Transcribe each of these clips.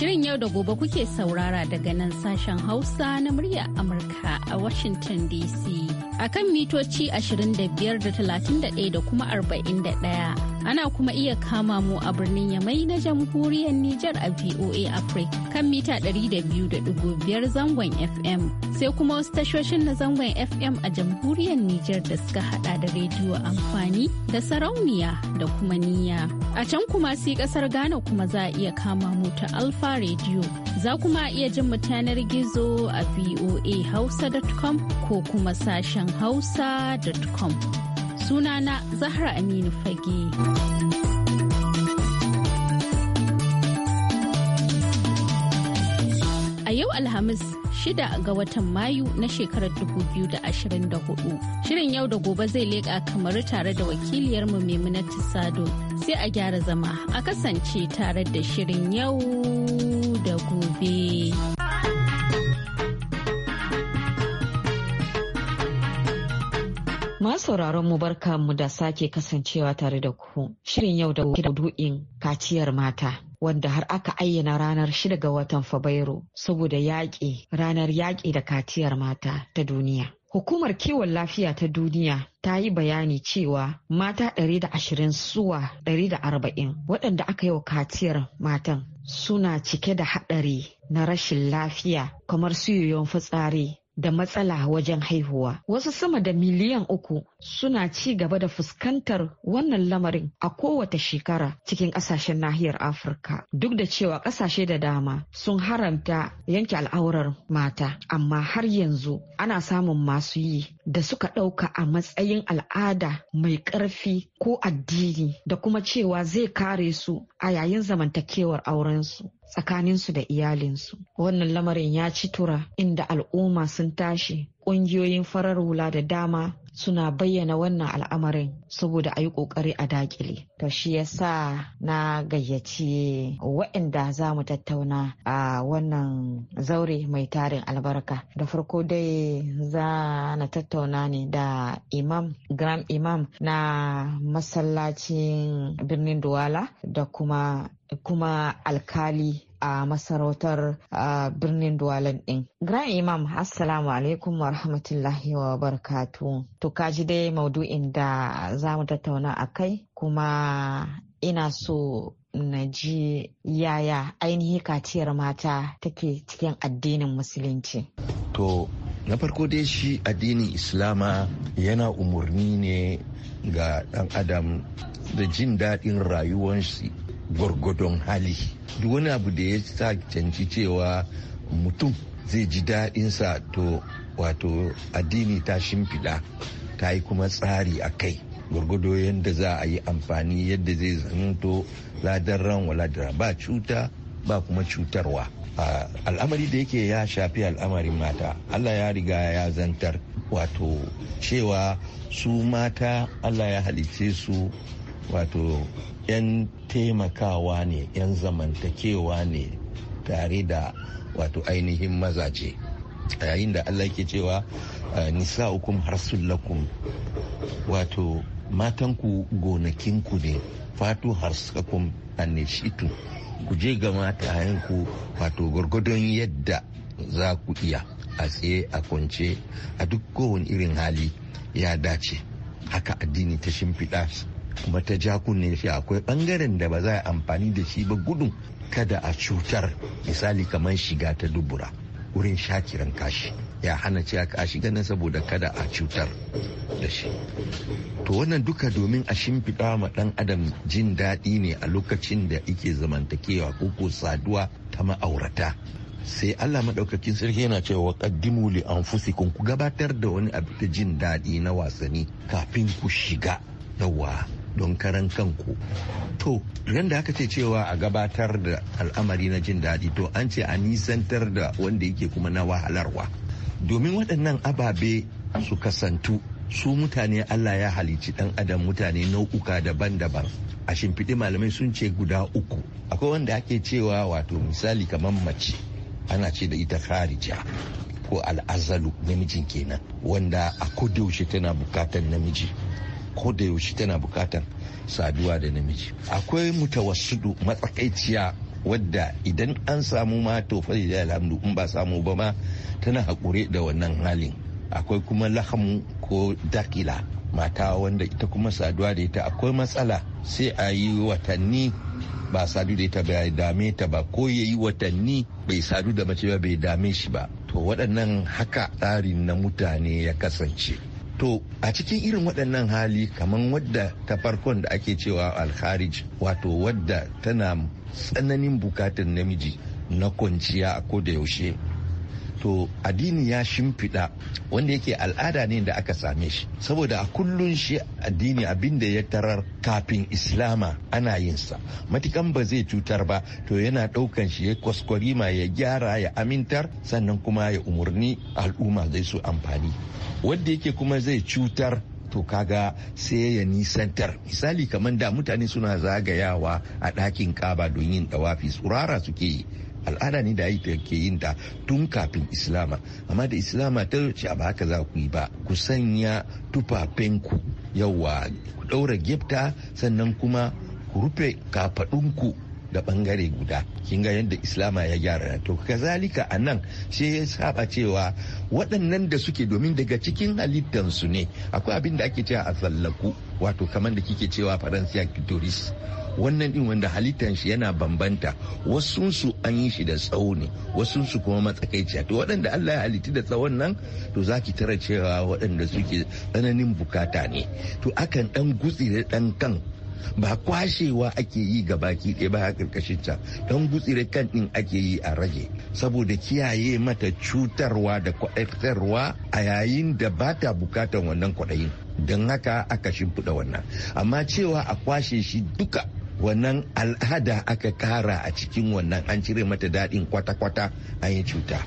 Shirin yau da gobe kuke saurara daga nan sashen Hausa na murya Amurka a Washington DC. A kan mitoci 25.31 da kuma 41. ana kuma iya kama mu a birnin yamai na jamhuriyar Nijar a VOA Africa kan mita 200.5 zangon FM sai kuma wasu tashoshin na zangon FM a jamhuriyar Nijar da suka hada da rediyo amfani da sarauniya da kuma niya. A can kuma si kasar Ghana kuma za a iya kama mu ta Alfa Alfa Radio. Za kuma iya jin mutanar gizo a voahausa.com ko kuma sashen hausa.com. Sunana Zahra Aminu Fage. a yau alhamis Shida ga watan Mayu na shekarar 2024. Shirin yau da gobe zai leƙa kamar tare da wakiliyarmu Maimunatu Sado sai a gyara zama a kasance tare da shirin yau da gobe. sauraron mu barka mu da sake kasancewa tare da ku. Shirin yau da maudu'in kaciyar mata. wanda har aka ayyana ranar shida ga watan Fabrairu saboda yaƙi ranar yaƙi da katiyar mata ta duniya. Hukumar kiwon lafiya ta duniya ta yi bayani cewa mata 120 zuwa 140 waɗanda aka yi wa katiyar matan suna cike da haɗari na rashin lafiya kamar su fitsari da matsala wajen haihuwa. Wasu sama da miliyan uku suna ci gaba da fuskantar wannan lamarin a kowace shekara cikin ƙasashen nahiyar Afirka. Duk da cewa ƙasashe da dama sun haramta yanke al'aurar mata, amma har yanzu ana samun masu yi da suka ɗauka a matsayin al'ada mai ƙarfi ko addini da kuma cewa zai kare su a yayin zamantakewar aurensu. tsakaninsu da iyalinsu. Wannan lamarin ya ci tura inda al'umma sun tashi ƙungiyoyin farar hula da dama suna bayyana wannan al'amarin saboda a yi ƙoƙari a dakile. To shi ya sa na gayyaci waɗanda za mu tattauna a wannan zaure mai tarin albarka. Da farko dai za na tattauna ne da imam gram imam na masallacin birnin duwala da kuma kuma alkali a masarautar birnin duwalan din. gran Imam Assalamu alaikum wa rahmatullahi wa barakatu. To kaji dai maudu'in da za mu tattauna a kai kuma ina so na ji yaya ainihi kaciyar mata take cikin addinin musulunci. To na farko dai shi addinin islama yana umarni ne ga dan adam da jin daɗin rayuwarsu gwargwadon hali duk wani abu da ya sa canci cewa mutum zai ji daɗinsa to wato addini ta shimfiɗa ta yi kuma tsari a kai gwargwado yadda za a yi amfani yadda zai zanto ladan ran wala ba cuta ba kuma cutarwa al'amari da yake ya shafi al'amarin mata allah ya riga ya zantar wato cewa su mata allah ya halice su wato 'yan taimakawa ne 'yan zamantakewa ne tare da wato ainihin mazaje yayin da allah ke cewa nisa hukum harsullakum wato matanku gonakinku ne fatu har sukakun annishitu ku je ga matayenku wato gwargwadon yadda za ku iya a tsaye a kwance a duk kowane irin hali ya dace haka addini ta shimfiɗa kuma ta ja kunne shi akwai ɓangaren da ba za a amfani da shi ba gudun kada a cutar misali kamar shiga ta dubura wurin shakiran kashi ya hana cewa a shiga ganin saboda kada a cutar da shi to wannan duka domin a shimfiɗa wa ɗan adam jin daɗi ne a lokacin da ike zamantakewa ko ko saduwa ta ma'aurata sai Allah maɗaukakin sarki yana cewa ƙaddimu li anfusikum ku gabatar da wani abu ta jin daɗi na wasanni kafin ku shiga yawa don karan kanku to ran da aka ce cewa a gabatar da al'amari na jin daɗi to an ce a nisantar da wanda yake kuma na wahalarwa domin waɗannan ababe su kasantu su mutane Allah ya halici ɗan adam mutane nau'uka daban-daban a shimfiɗi malamai sun ce guda uku akwai wanda ake cewa wato misali kamar mace ana ce da ita kharija ko al'azalu namijin kenan wanda a kodayaushe tana bukatan namiji kodayaushe tana bukatan saduwa da namiji akwai mutawassudu matsakaiciya wadda idan an samu ma to fa alhamdu in ba samu ba ma tana haƙure da wannan halin akwai kuma lahamu ko dakila mata wanda ita kuma saduwa da ita akwai matsala sai a yi watanni ba sadu da ita bai dame ta ba ko ya yi watanni bai sadu da mace ba bai dame shi ba to waɗannan haka tsarin na mutane ya kasance to a cikin irin waɗannan hali kamar wadda ta farkon da ake cewa alkharij wato wadda tana tsananin bukatar namiji na kwanciya a koda yaushe to addini ya shimfiɗa wanda yake al'ada ne da aka same shi saboda a kullun shi addini abinda ya tarar kafin islama ana yin sa matukan ba zai cutar ba to yana ɗaukan shi ya ma ya gyara ya amintar sannan kuma ya umarni al'umma zai su amfani wanda yake kuma zai cutar to kaga sai ya nisantar misali kamar da mutane suna zagayawa a ɗakin kaba don yin ɗawafi tsurara suke yi al'ada ne da ke yin ta tun kafin islama amma da islama ta ce ba haka za ku yi ba ku sanya tufafinku yawa ku ɗaura gifta sannan kuma ku rufe kafaɗunku da bangare guda kin ga yadda islama ya gyara na to kazalika a nan sai ya saba cewa waɗannan da suke domin daga cikin halittansu ne akwai abin da ake cewa a tsallaku wato kamar da kike cewa faransiya turis wannan din wanda halittan shi yana bambanta wasunsu an yi shi da tsawo ne wasunsu kuma matsakaiciya to waɗanda Allah ya halitti da tsawon nan to za tara cewa waɗanda suke tsananin bukata ne to akan ɗan gutsi da ɗan kan ba kwashewa ake yi ga baki ɗaya ba a ƙarƙashin ta don gutsire kan ɗin ake yi a rage saboda kiyaye mata cutarwa da kwaɗaɗɗarwa a yayin da ba ta bukatan wannan kwaɗayin don haka aka shimfiɗa wannan amma cewa a kwashe shi duka wannan al'ada aka kara a cikin wannan an cire mata daɗin kwata-kwata an yi cuta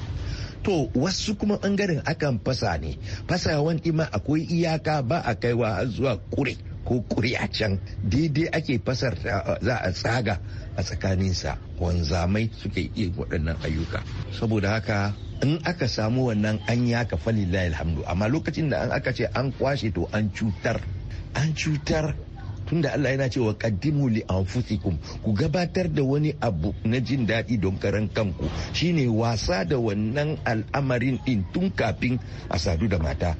to wasu kuma ɓangaren akan fasa ne fasawan ima akwai iyaka ba a kaiwa har zuwa kure ko kure a can daidai ake fasar za a tsaga a tsakaninsa wanzamai suke iya waɗannan ayyuka saboda haka in aka samu wannan an yi haka alhamdu amma lokacin da an aka ce an kwashe to an cutar an cutar tunda Allah yana cewa kaddimu li anfusikum ku gabatar da wani abu na jin daɗi don karan kanku shine wasa da wannan al'amarin din tun kafin a sadu da mata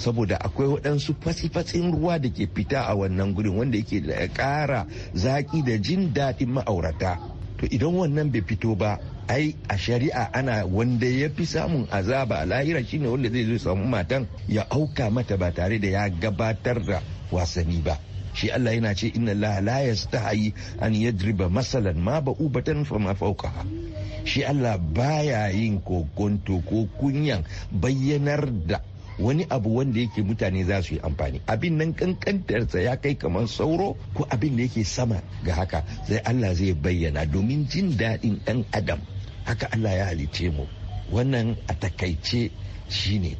saboda akwai waɗansu fasifatsin ruwa da ke fita a wannan gurin wanda yake da ya ƙara zaƙi da jin daɗin ma'aurata to idan wannan bai fito ba ai a shari'a ana wanda ya fi samun azaba a lahira shine wanda zai zo samu matan ya auka mata ba tare da ya gabatar da wasanni ba shi Allah yana ce inna Allah la yastahi an yadriba masalan ma ubatan fa ma fauka shi Allah baya yin kokonto ko kunyan bayyanar da wani abu wanda yake mutane za su yi amfani abin nan kankantarsa ya kai kamar sauro ko abin da yake sama ga haka sai Allah zai bayyana domin jin daɗin ɗan adam haka Allah ya halice mu wannan a takaice shine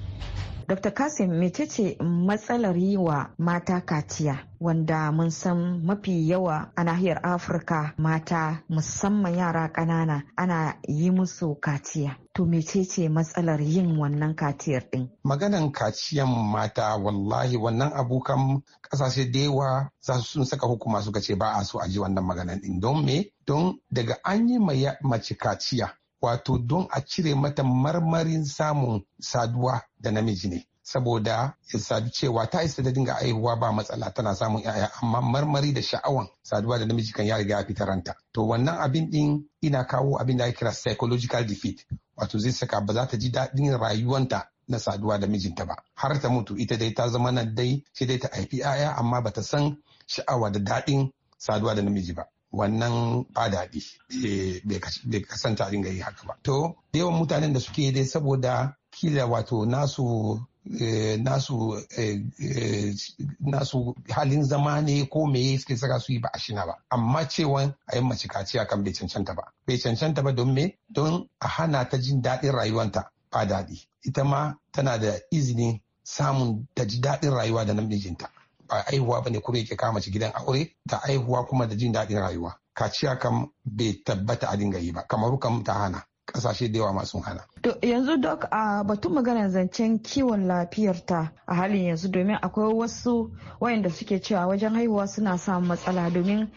Dr. Kasim mecece matsalar yi wa mata kaciya wanda mun san mafi yawa a nahiyar Afirka mata musamman yara ƙanana ana yi musu kaciya. To mecece matsalar yin wannan kaciyar ɗin? Maganan kaciyan mata wallahi wannan abokan ƙasashe da yawa za su sun saka hukuma suka ce ba a so a ji wannan maganan ɗin don me? Don daga an yi mace kaciya wato don a cire mata marmarin samun saduwa da namiji ne saboda ya sadu cewa ta isa da dinga aihuwa ba matsala tana samun yaya amma marmari da sha'awan saduwa da namiji kan ya riga ya fita ranta to wannan abin din ina kawo abin da ya kira psychological defeat wato zai saka ba za ta ji daɗin rayuwanta na saduwa da mijinta ba har ta mutu ita dai ta zama nan dai sai dai ta haifi 'ya'ya amma ba ta san sha'awa da daɗin saduwa da namiji ba wannan ba daɗi eh, bai kasanta a dinga yi haka ba to yawan mutanen da suke dai saboda kila wato nasu eh, nasu eh, nasu halin zama ne ko me suke saka su yi ba a shina ba amma cewa a yi mace kaciya kan bai cancanta ba bai cancanta ba don me don a hana ta jin daɗin rayuwanta ba daɗi ita ma tana da izinin samun ta ji daɗin rayuwa da namijinta ba aihuwa bane kuma yake kama ci gidan aure ta aihuwa kuma da jin daɗin rayuwa kaciya kam bai tabbata a dinga yi ba kamar kam ta hana kasashe da yawa masu hana. To yanzu dok a batun maganar zancen kiwon lafiyarta a halin yanzu domin akwai wasu wayanda suke cewa wajen haihuwa suna samun matsala domin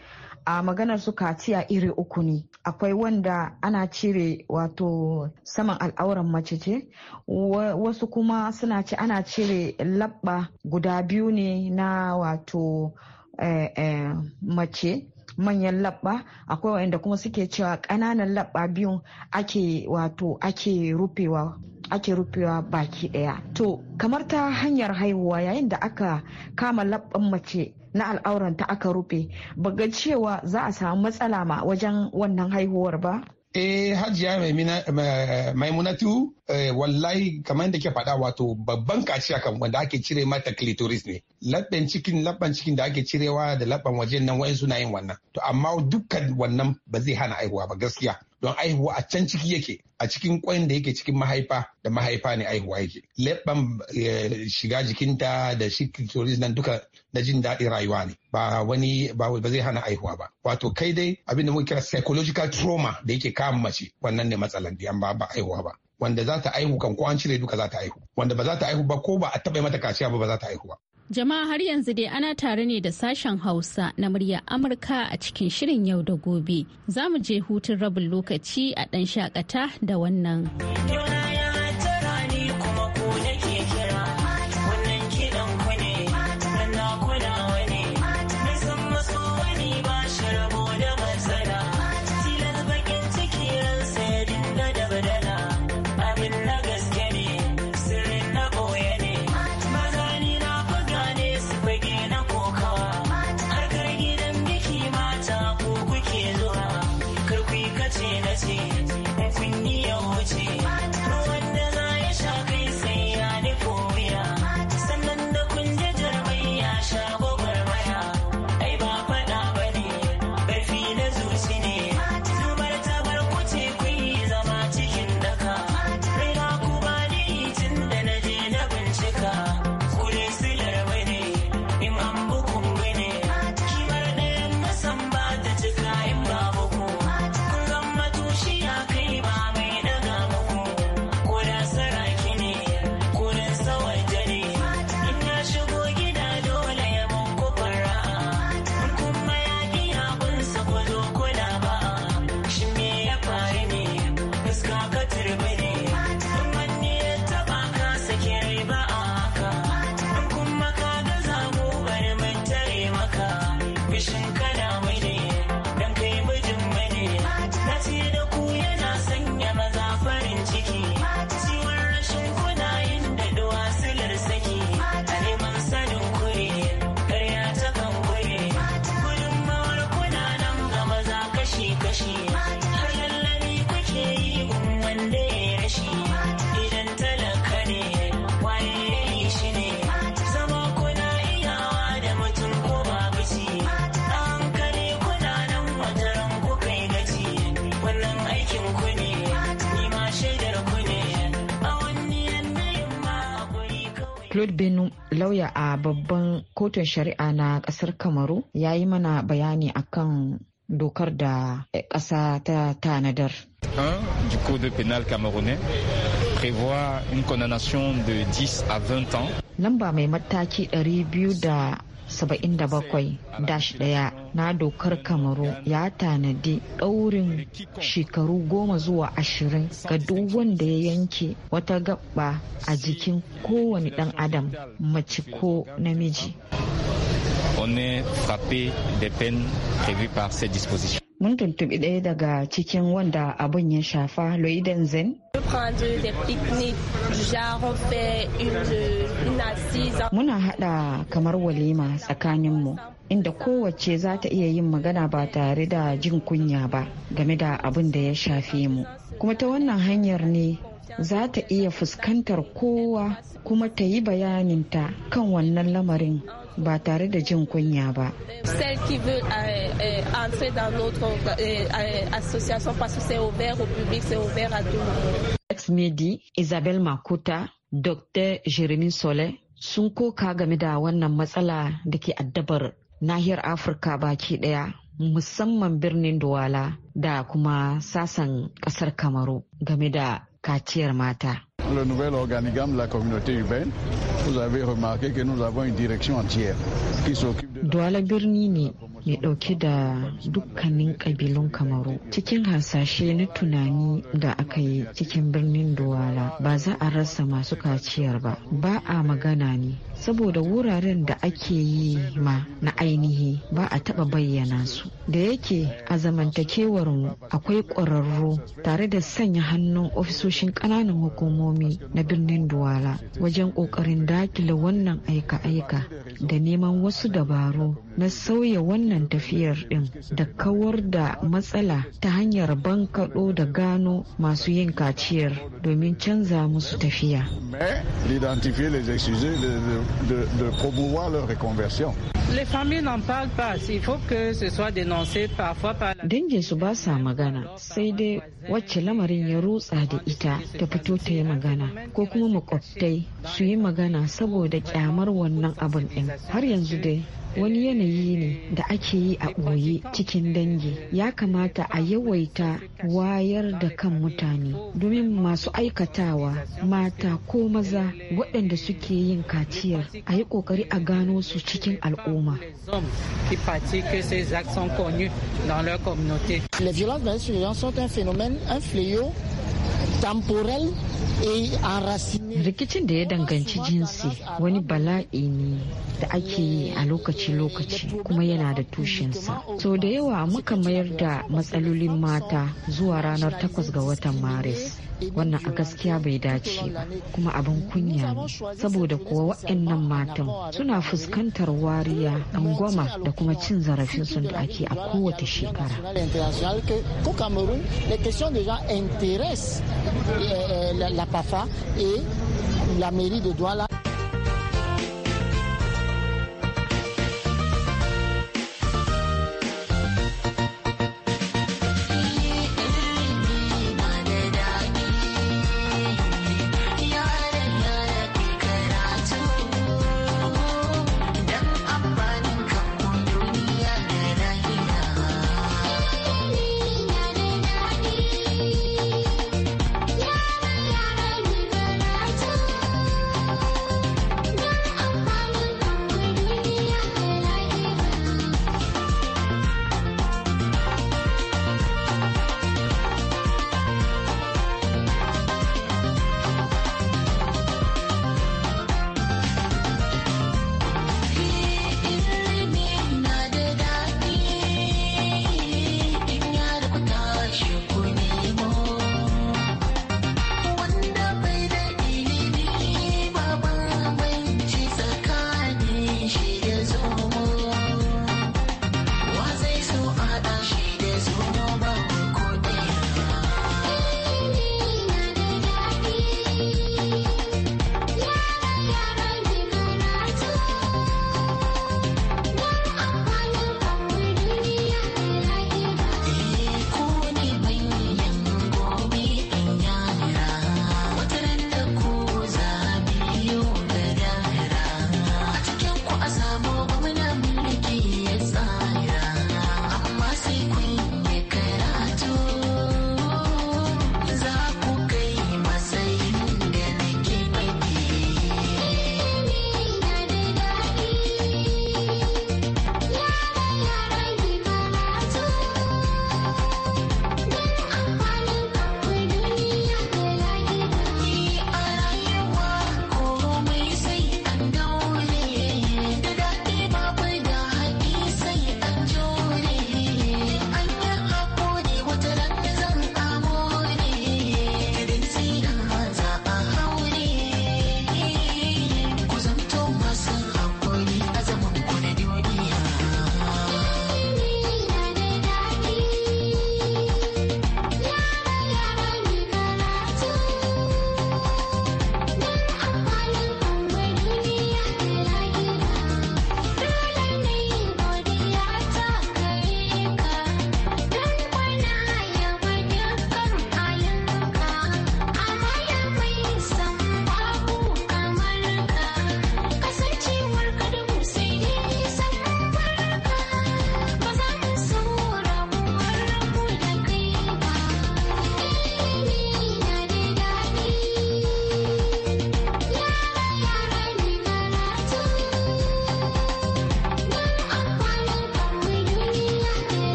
a maganar su kaciya iri uku ne akwai wanda ana cire wato saman al'auran mace ce wasu kuma suna ce ana cire labba guda biyu ne na wato eh, eh, mace manyan labba akwai wanda kuma suke cewa ƙananan labba biyu ake wato ake rufewa ake rufewa baki ɗaya to kamar ta hanyar haihuwa yayin da aka kama labban mace na al'auranta aka rufe baga cewa za a samu matsala ma wajen wannan haihuwar ba Eh hajiya maimunatu eh, wallahi kamar da ke faɗa wato babban kaciya kan wanda ake cire mata clitoris ne labban cikin labban cikin da ake cirewa da labban wajen nan wa'in suna yin wannan to amma dukkan wannan ba zai hana aihuwa ba gaskiya don aihuwa a can ciki yake a cikin kwain da yake cikin mahaifa da mahaifa ne aihuwa yake labban eh, shiga jikinta da shi nan duka na jin daɗin rayuwa ne ba wani ba zai hana aihuwa ba wato kai dai abin da muke kira psychological trauma da yake kama mace wannan ne matsalan da ba ba aihuwa ba wanda za ta aihu kan ko an cire duka za ta aihu wanda ba za ta aihu ba ko ba a taɓa mata kaciya ba ba za ta aihu ba Jama'a har yanzu dai ana tare ne da sashen Hausa na muryar Amurka a cikin shirin yau da gobe. Za mu je hutun rabin lokaci a ɗan shakata da wannan. wishing joel benu lauya a babban kotun shari'a na kasar kamaru ya yi mana bayani akan dokar da ƙasa ta tanadar prévoit une condamnation de 10 à 20 ans. Lamba mai mataki biyu da 77-1 na dokar kamaru ya tanadi ɗaurin shekaru goma zuwa ashirin ga duk wanda ya yanke wata gaba a jikin kowane ɗan adam mace ko namiji. On est frappé des peines prévues par cette disposition. mun tuntubi ɗaya daga cikin wanda abun ya shafa loidan zen muna haɗa kamar walima tsakaninmu inda kowace za ta iya yin magana ba tare da jin kunya ba game da abin da ya shafe mu kuma ta wannan hanyar ne za ta iya fuskantar kowa kuma ta yi bayaninta kan wannan lamarin ba tare da jin kunya ba. Euh, euh, euh, Ex-Medi Isabel Makuta, Dr. Jeremy Sole sun koka game da wannan matsala da ke addabar nahiyar Afirka baki daya musamman birnin Duwala da kuma sasan kasar Kamaru game da kaciyar mata. le nouvel organigramme de la communauté urbaine, vous avez remarqué que nous avons une direction entière qui s'occupe de... Douala birni ne mai ɗauke da dukkanin ƙabilun kamaru cikin hasashe na tunani da aka yi cikin birnin Duwala ba za a rasa masu kaciyar ba ba a magana ne saboda wuraren da ake yi ma na ainihi ba a taba bayyana su da yake a zamantakewar mu akwai ƙwararru tare da sanya hannun ofisoshin ƙananan hukumomi na birnin duwala wajen ƙoƙarin dakile wannan aika-aika da neman wasu dabaru na sauya wannan tafiyar ɗin da kawar da matsala ta hanyar bankaɗo da gano masu yin kaciyar domin canza musu tafiya. de, de promouvoir leur reconversion. Les familles n'en parlent pas. Il faut que ce soit dénoncé parfois par la... su ba sa magana sai dai wacce lamarin ya rutsa da ita ta fito ta yi magana ko kuma makwabtai su yi magana saboda kyamar wannan abin din. Har yanzu dai wani yanayi ne da ake yi a ɓoye cikin dangi ya kamata a yawaita wayar da kan mutane domin masu aikatawa mata ko maza waɗanda suke yin kaciyar a yi ƙoƙari a gano su cikin al'umma Les dans les l'insurgence sont un phénomène, un fléau temporel rikicin da ya danganci jinsi wani bala'i ne da ake yi a lokaci-lokaci kuma yana da tushensa so da yawa muka mayar da matsalolin mata zuwa ranar 8 ga watan maris wannan a gaskiya bai dace ba kuma abin kunya ne saboda kuwa waɗannan matan suna fuskantar wariya angwama da kuma cin zarafin sun da ake a kowace shekara la mairie de Douala.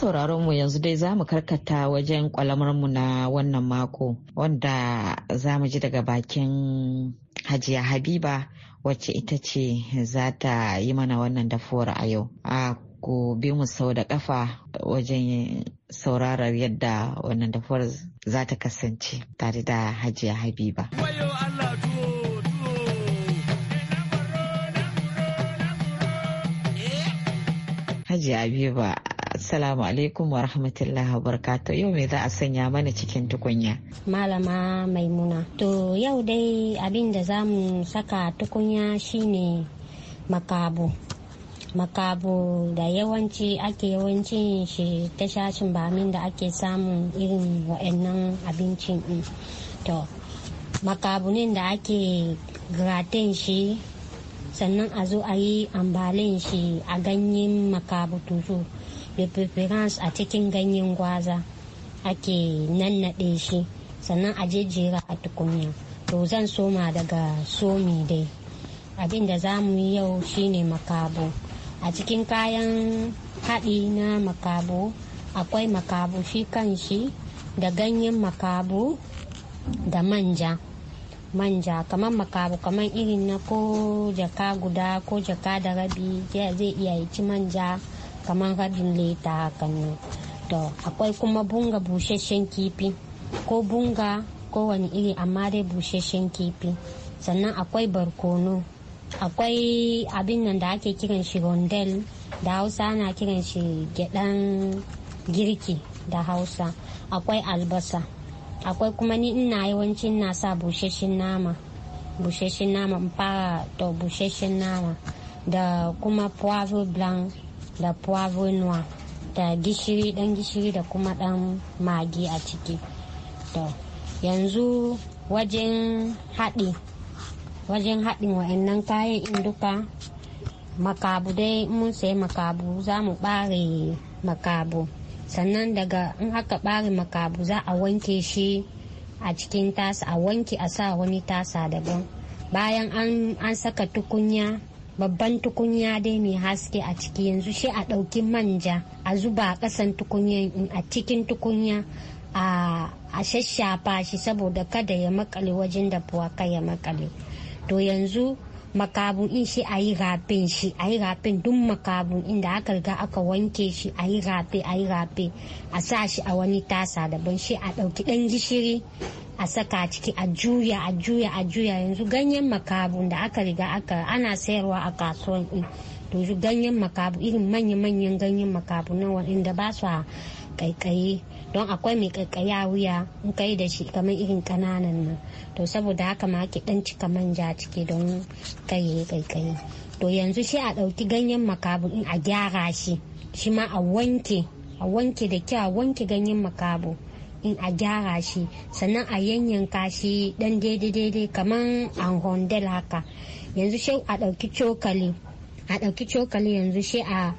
sauraron mu yanzu dai za mu karkata wajen kwalamar mu na wannan mako wanda za mu ji daga bakin hajiya habiba wacce ita ce za ta yi mana wannan dafuwar a yau a gobe mu sau da kafa wajen saurarar yadda wannan dafuwar za ta kasance tare da hajiya habiba. Hajiya Habiba Assalamu alaikum wa rahmatullahi wa barakatuh. Yau me za a sanya mana cikin tukunya? Malama Maimuna. To yau dai abin da za mu saka tukunya shine makabu. makabu da yawanci ake yawancin shi ta shashin bamin da ake samun irin wa'annan abincin din to makabunin da ake gratin shi sannan a zo a yi ambalin shi a ganyen makabu tuzu da a cikin ganyen gwaza ake nannaɗe shi sannan a jejjera a tukunya to zan soma daga somi dai abin da za mu yi yau shine makabo a cikin kayan haɗi na makabo akwai makabo shi kan shi da ganyen makabo da manja manja kamar makabu kamar irin na ko jaka guda ko jaka da rabi zai iya yi manja kamar haɗin lita hakan ne to akwai kuma bunga busasshen kifi ko bunga kowane iri amma dai busasshen kifi sannan akwai barkono akwai abin nan da ake kiran shi rondel da hausa ana kiran shi gyaɗan girki da hausa akwai albasa akwai kuma ni ina yawancin na sa busheshen nama busheshen nama fara da busasshen nama da kuma poivre blanc da poivre da gishiri dan gishiri da kuma dan magi a ciki to yanzu wajen haɗi wajen haɗin wa'annan kayan induka duka makabu dai mun sayi makabu za mu ɓare makabu sannan daga in aka ɓare makabu za a wanke shi a cikin tasa a wanke a sa wani tasa daban bayan an saka tukunya babban tukunya dai mai haske a ciki yanzu shi a ɗauki manja a zuba a ƙasan tukunya a cikin tukunya a shashafa shi saboda kada ya makale wajen da buwaka ya makale to yanzu makabun in shi a yi rafe shi a yi rafin duk makabun inda aka riga aka wanke shi a yi rafe a yi rafe a sa shi a wani tasa daban shi a ɗauki ɗan gishiri a saka ciki a juya a juya a juya yanzu ganyen makabun da aka riga aka ana sayarwa a kasuwan in yanzu ganyen makabu irin manya-manyan ganyen makabu na waɗanda ba su a kaikaye don akwai mai kakkaya wuya in kai da shi kamar irin kananan nan to saboda haka ma ke dan cika manja ciki don kai kaikayi to yanzu shi a ɗauki ganyen makabu in a gyara shi shi ma a wanke a wanke da kyau a wanke ganyen makabu in a gyara shi sannan a yanyanka shi dan daidai daidai kamar an hondel haka yanzu shi a ɗauki cokali a ɗauki cokali yanzu shi a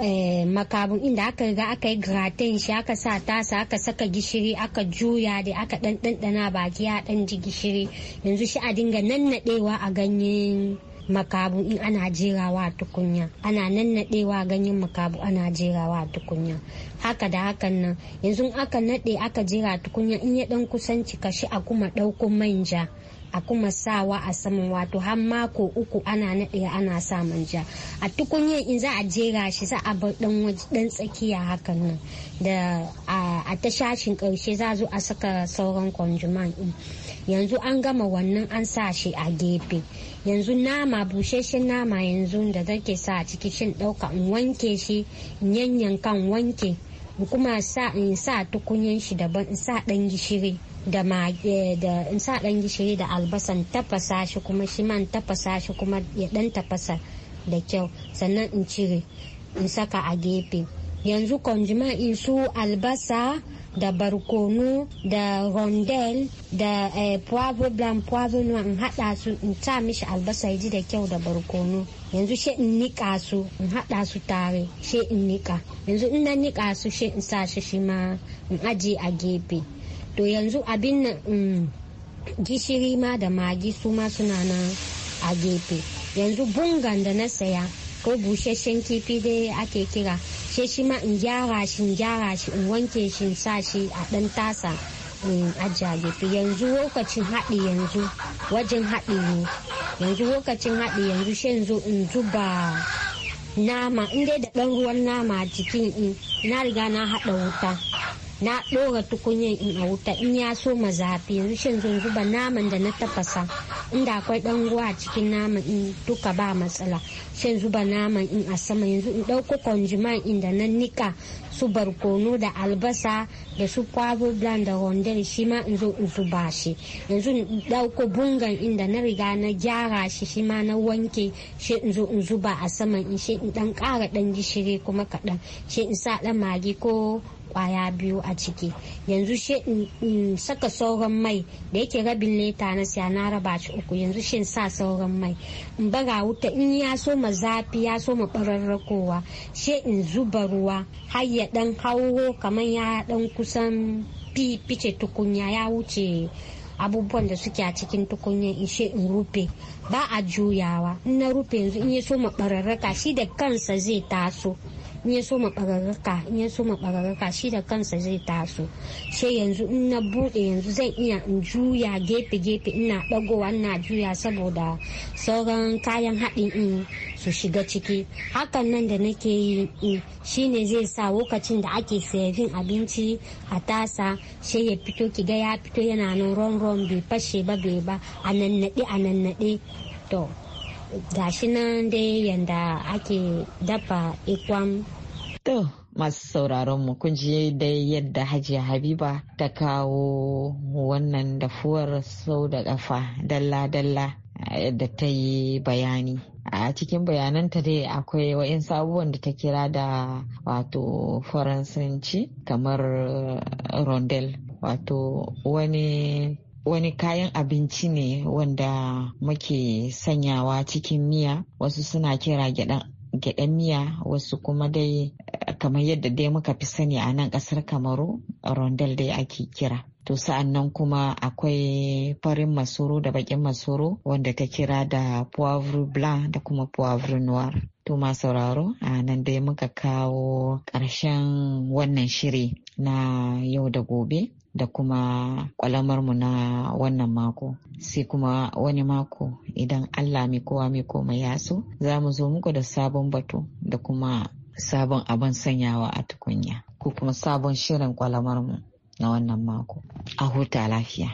Eh, makabun inda aka riga aka yi gratin shi aka sa tasa aka saka gishiri aka juya da aka dan dandana baki ya dan ji gishiri yanzu shi a dinga nannadewa a ganyen makabu in ana jerawa tukunya ana nannadewa ganyen makabu ana jerawa tukunya haka da hakan nan yanzu aka nade aka jera tukunya in ya dan kusanci kashi a kuma daukun manja a kuma sawa a saman wato har mako uku ana naɗe ana sa manja a tukunyan in za a jera shi za a bar dan dan tsakiya hakan nan da a ta shashin karshe za zo a saka sauran kwanjuman din yanzu an gama wannan an sa shi a gefe yanzu nama busheshen nama yanzu da take sa a ciki shin ɗauka in wanke shi in yanyankan wanke kuma sa in sa tukunyan shi daban in sa dan gishiri da eh, da in sa dan gishiri da albasan tafasa shi kuma shi man tafasa shi kuma ya dan tafasa da kyau sannan in cire in saka a gefe yanzu konjima in su albasa da barkonu da rondel da eh, poivre blanc poivre noir in hada su in sa mishi albasa ji da kyau da barkonu yanzu she in nika su in hada su tare she in nika yanzu in na nika su she in sa shi shi ma in aje a gefe to yanzu abin na mm, gishiri ma da magi su ma suna na a gefe yanzu bungan da na saya ko busheshen kifi dai ake kira sai shi ma in gyara shi in gyara shi in wanke shi in sa shi a dan tasa in ajiye gefe yanzu lokacin haɗi yanzu wajen haɗi ne yanzu lokacin haɗi yanzu shi yanzu in zuba nama in dai da ɗan ruwan nama jikin in na riga na haɗa wuta na ɗora tukunyar in a wuta in ya so ma zafi yanzu shin in zuba naman da na tafasa inda akwai dan ruwa a cikin naman in duka ba matsala sai zuba naman in a sama yanzu in ɗauko konjiman in da na nika su barkono da albasa da su kwabo blan da rondel shi ma in zo in zuba shi yanzu in ɗauko bungan in da na riga na gyara shi shi ma na wanke shi in zo in zuba a sama in shi in dan ƙara dan gishiri kuma kaɗan shi in sa dan magi ko kwaya biyu a ciki yanzu shi in saka sauran mai da yake rabin leta na siya na raba shi uku yanzu she sa sauran mai in baga wuta in ya so ma zafi ya so ma bararrakowa shi in zuba ruwa har ya dan hauro kamar ya dan kusan fice tukunya ya wuce abubuwan da suke a cikin in ishe in rufe ba a juyawa in na rufe yanzu in ya so ma bararraka shi da kansa zai taso in ya so maɓararraka in ya so maɓararraka shi da kansa zai taso sai yanzu in na buɗe yanzu zan iya in juya gefe gefe ina ɗagowa ina juya saboda sauran kayan haɗin in su shiga ciki hakan nan da nake yi mm, shi ne zai sa lokacin da ake sayafin abinci a tasa sai ya fito kiga ya fito yana nan ron ron bai fashe ba bai ba a nannaɗe a nannaɗe to gashi nan dai yanda ake dafa ikwam to masu sauraron mu kun ji dai yadda hajiya habiba ta kawo wannan dafuwar sau da kafa dalla-dalla yadda ta yi bayani a cikin bayananta dai akwai wa'in sabuwan da ta kira da wato faransanci kamar rondel wato wani wani kayan abinci ne wanda muke sanyawa cikin miya wasu suna kira gyaɗan miya wasu kuma dai eh, kamar yadda dai muka fi sani a nan ƙasar kamaru rondel dai ake kira to sa'an nan kuma akwai farin masoro da baƙin masoro wanda ta kira da poivre blanc da kuma poivre noir to ma sauraro a nan dai muka kawo ƙarshen wannan shiri na yau da gobe da kuma mu na wannan mako sai kuma wani mako idan allah mai kowa mai komai ya so za mu zo muku da sabon batu da kuma sabon abin sanyawa a tukunya ko kuma sabon shirin kwalamar mu na wannan mako a huta lafiya.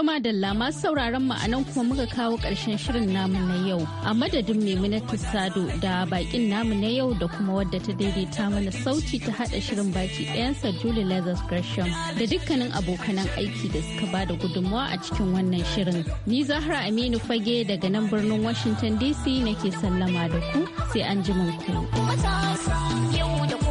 To madalla masu sauraron ma'anan kuma muka kawo ƙarshen shirin namu na yau. A madadin Maimunatu Sado da bakin namu na yau da kuma wadda ta daidaita mana sauti ta hada shirin baki ɗayansa Julie Leathers Gresham da dukkanin abokanan aiki da suka ba da gudunmawa a cikin wannan shirin. Ni Zahra Aminu Fage daga nan birnin Washington DC nake sallama da ku sai an ku.